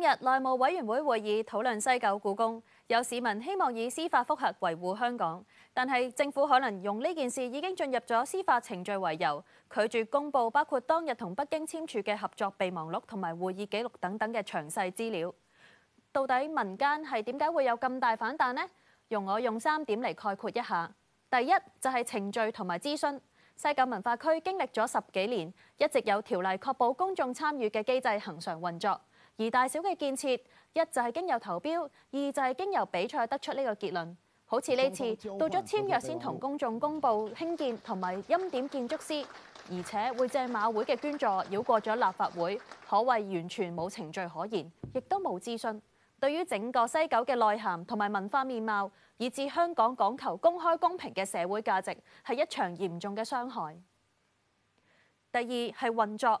今日內務委員會會議討論西九故宮，有市民希望以司法複核維護香港，但係政府可能用呢件事已經進入咗司法程序為由，拒絕公布包括當日同北京簽署嘅合作備忘錄同埋會議記錄等等嘅詳細資料。到底民間係點解會有咁大反彈呢？容我用三點嚟概括一下：第一就係程序同埋諮詢，西九文化區經歷咗十幾年，一直有條例確保公眾參與嘅機制恆常運作。而大小嘅建設，一就係經由投標，二就係經由比賽得出呢個結論。好似呢次到咗簽約先同公眾公布興建同埋欽點建築師，而且會借馬會嘅捐助繞過咗立法會，可謂完全冇程序可言，亦都冇諮詢。對於整個西九嘅內涵同埋文化面貌，以至香港講求公開公平嘅社會價值，係一場嚴重嘅傷害。第二係運作。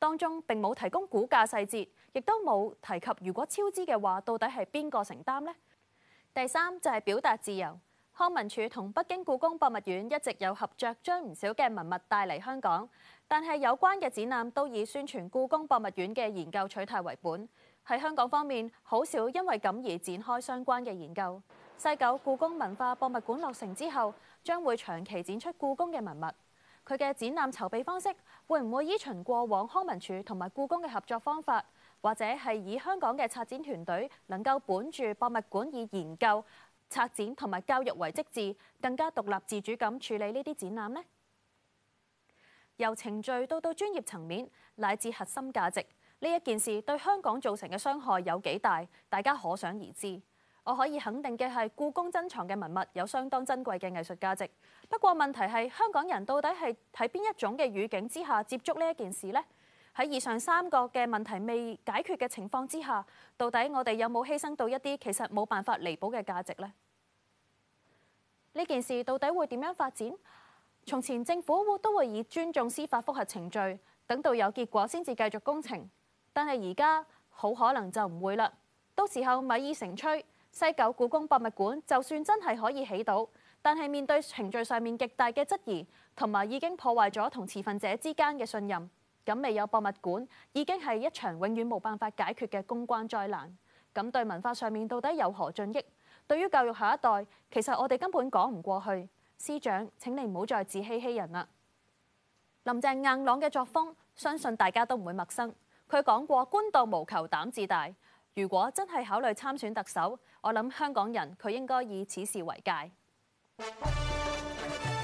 當中並冇提供估價細節，亦都冇提及如果超支嘅話，到底係邊個承擔呢？第三就係、是、表達自由，康文署同北京故宮博物院一直有合作，將唔少嘅文物帶嚟香港，但係有關嘅展覽都以宣傳故宮博物院嘅研究取態為本。喺香港方面，好少因為咁而展開相關嘅研究。西九故宮文化博物館落成之後，將會長期展出故宮嘅文物。佢嘅展覽籌備方式會唔會依循過往康文署同埋故宮嘅合作方法，或者係以香港嘅策展團隊能夠本住博物館以研究策展同埋教育為職志，更加獨立自主咁處理呢啲展覽呢？由程序到到專業層面，乃至核心價值，呢一件事對香港造成嘅傷害有幾大，大家可想而知。我可以肯定嘅係，故宮珍藏嘅文物有相當珍貴嘅藝術價值。不過問題係，香港人到底係喺邊一種嘅語境之下接觸呢一件事呢？喺以上三個嘅問題未解決嘅情況之下，到底我哋有冇犧牲到一啲其實冇辦法彌補嘅價值呢？呢件事到底會點樣發展？從前政府會都會以尊重司法複核程序，等到有結果先至繼續工程，但係而家好可能就唔會啦。到時候米已成炊。西九故宮博物館就算真係可以起到，但係面對程序上面極大嘅質疑，同埋已經破壞咗同持份者之間嘅信任，咁未有博物館已經係一場永遠冇辦法解決嘅公關災難。咁對文化上面到底有何進益？對於教育下一代，其實我哋根本講唔過去。司長，請你唔好再自欺欺人啦。林鄭硬朗嘅作風，相信大家都唔會陌生。佢講過：官道無求膽自大。如果真係考慮參選特首，我諗香港人佢應該以此事為戒。